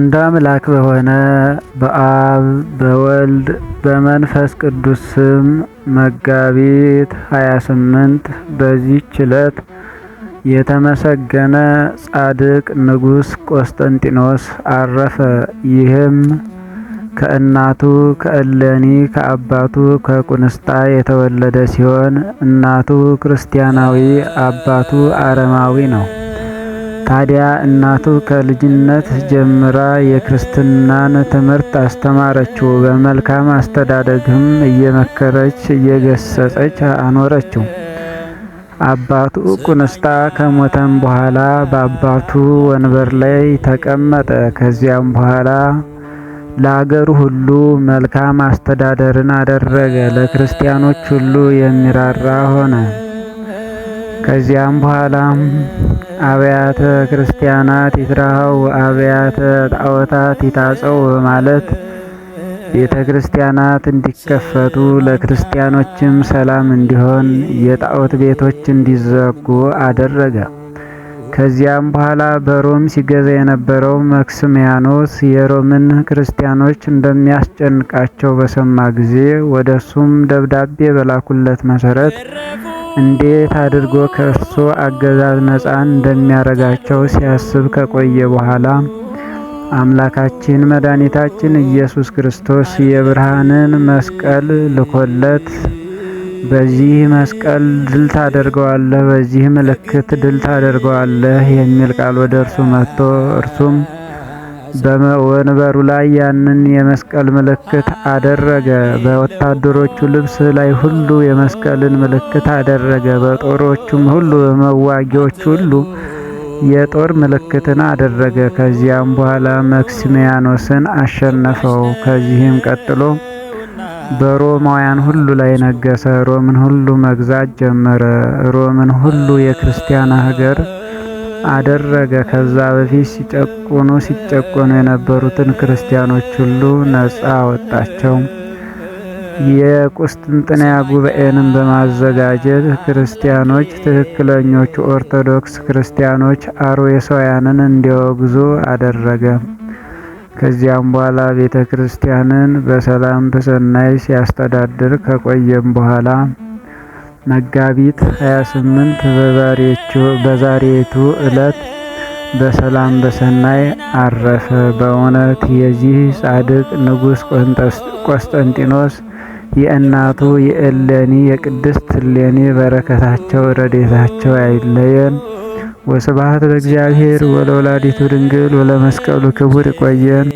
አንድ አምላክ በሆነ በአብ በወልድ በመንፈስ ቅዱስ ስም መጋቢት 28 በዚህች ዕለት የተመሰገነ ጻድቅ ንጉሥ ቆስጠንጢኖስ አረፈ። ይህም ከእናቱ ከእለኒ ከአባቱ ከቁንስጣ የተወለደ ሲሆን እናቱ ክርስቲያናዊ አባቱ አረማዊ ነው። ታዲያ እናቱ ከልጅነት ጀምራ የክርስትናን ትምህርት አስተማረችው። በመልካም አስተዳደግም እየመከረች እየገሰጸች አኖረችው። አባቱ ቁንስጣ ከሞተም በኋላ በአባቱ ወንበር ላይ ተቀመጠ። ከዚያም በኋላ ለአገሩ ሁሉ መልካም አስተዳደርን አደረገ። ለክርስቲያኖች ሁሉ የሚራራ ሆነ። ከዚያም በኋላ አብያተ ክርስቲያናት ይትራሃው አብያተ ጣዖታት ይታጸው በማለት ቤተ ክርስቲያናት እንዲከፈቱ ለክርስቲያኖችም ሰላም እንዲሆን የጣዖት ቤቶች እንዲዘጉ አደረገ። ከዚያም በኋላ በሮም ሲገዛ የነበረው መክስሚያኖስ የሮምን ክርስቲያኖች እንደሚያስጨንቃቸው በሰማ ጊዜ ወደ እሱም ደብዳቤ በላኩለት መሰረት እንዴት አድርጎ ከእርሱ አገዛዝ ነፃ እንደሚያረጋቸው ሲያስብ ከቆየ በኋላ አምላካችን መድኃኒታችን ኢየሱስ ክርስቶስ የብርሃንን መስቀል ልኮለት በዚህ መስቀል ድል ታደርገዋለህ፣ በዚህ ምልክት ድል ታደርገዋለህ የሚል ቃል ወደ እርሱ መጥቶ እርሱም በወንበሩ ላይ ያንን የመስቀል ምልክት አደረገ። በወታደሮቹ ልብስ ላይ ሁሉ የመስቀልን ምልክት አደረገ። በጦሮቹም ሁሉ፣ በመዋጊዎች ሁሉ የጦር ምልክትን አደረገ። ከዚያም በኋላ መክሲሚያኖስን አሸነፈው። ከዚህም ቀጥሎ በሮማውያን ሁሉ ላይ ነገሰ። ሮምን ሁሉ መግዛት ጀመረ። ሮምን ሁሉ የክርስቲያን ሀገር አደረገ። ከዛ በፊት ሲጨቁኑ ሲጨቆኑ የነበሩትን ክርስቲያኖች ሁሉ ነጻ አወጣቸው። የቁስጥንጥንያ ጉባኤንም በማዘጋጀት ክርስቲያኖች ትክክለኞቹ ኦርቶዶክስ ክርስቲያኖች የሰውያንን እንዲወግዙ አደረገ። ከዚያም በኋላ ቤተ ክርስቲያንን በሰላም በሰናይ ሲያስተዳድር ከቆየም በኋላ መጋቢት 28 በዛሬቱ ዕለት በሰላም በሰናይ አረፈ። በእውነት የዚህ ጻድቅ ንጉሥ ቆስጠንጢኖስ የእናቱ የእሌኒ የቅድስት እሌኒ በረከታቸው ረዴታቸው አይለየን። ወስብሐት ለእግዚአብሔር ወለወላዲቱ ድንግል ወለመስቀሉ ክቡር ይቆየን።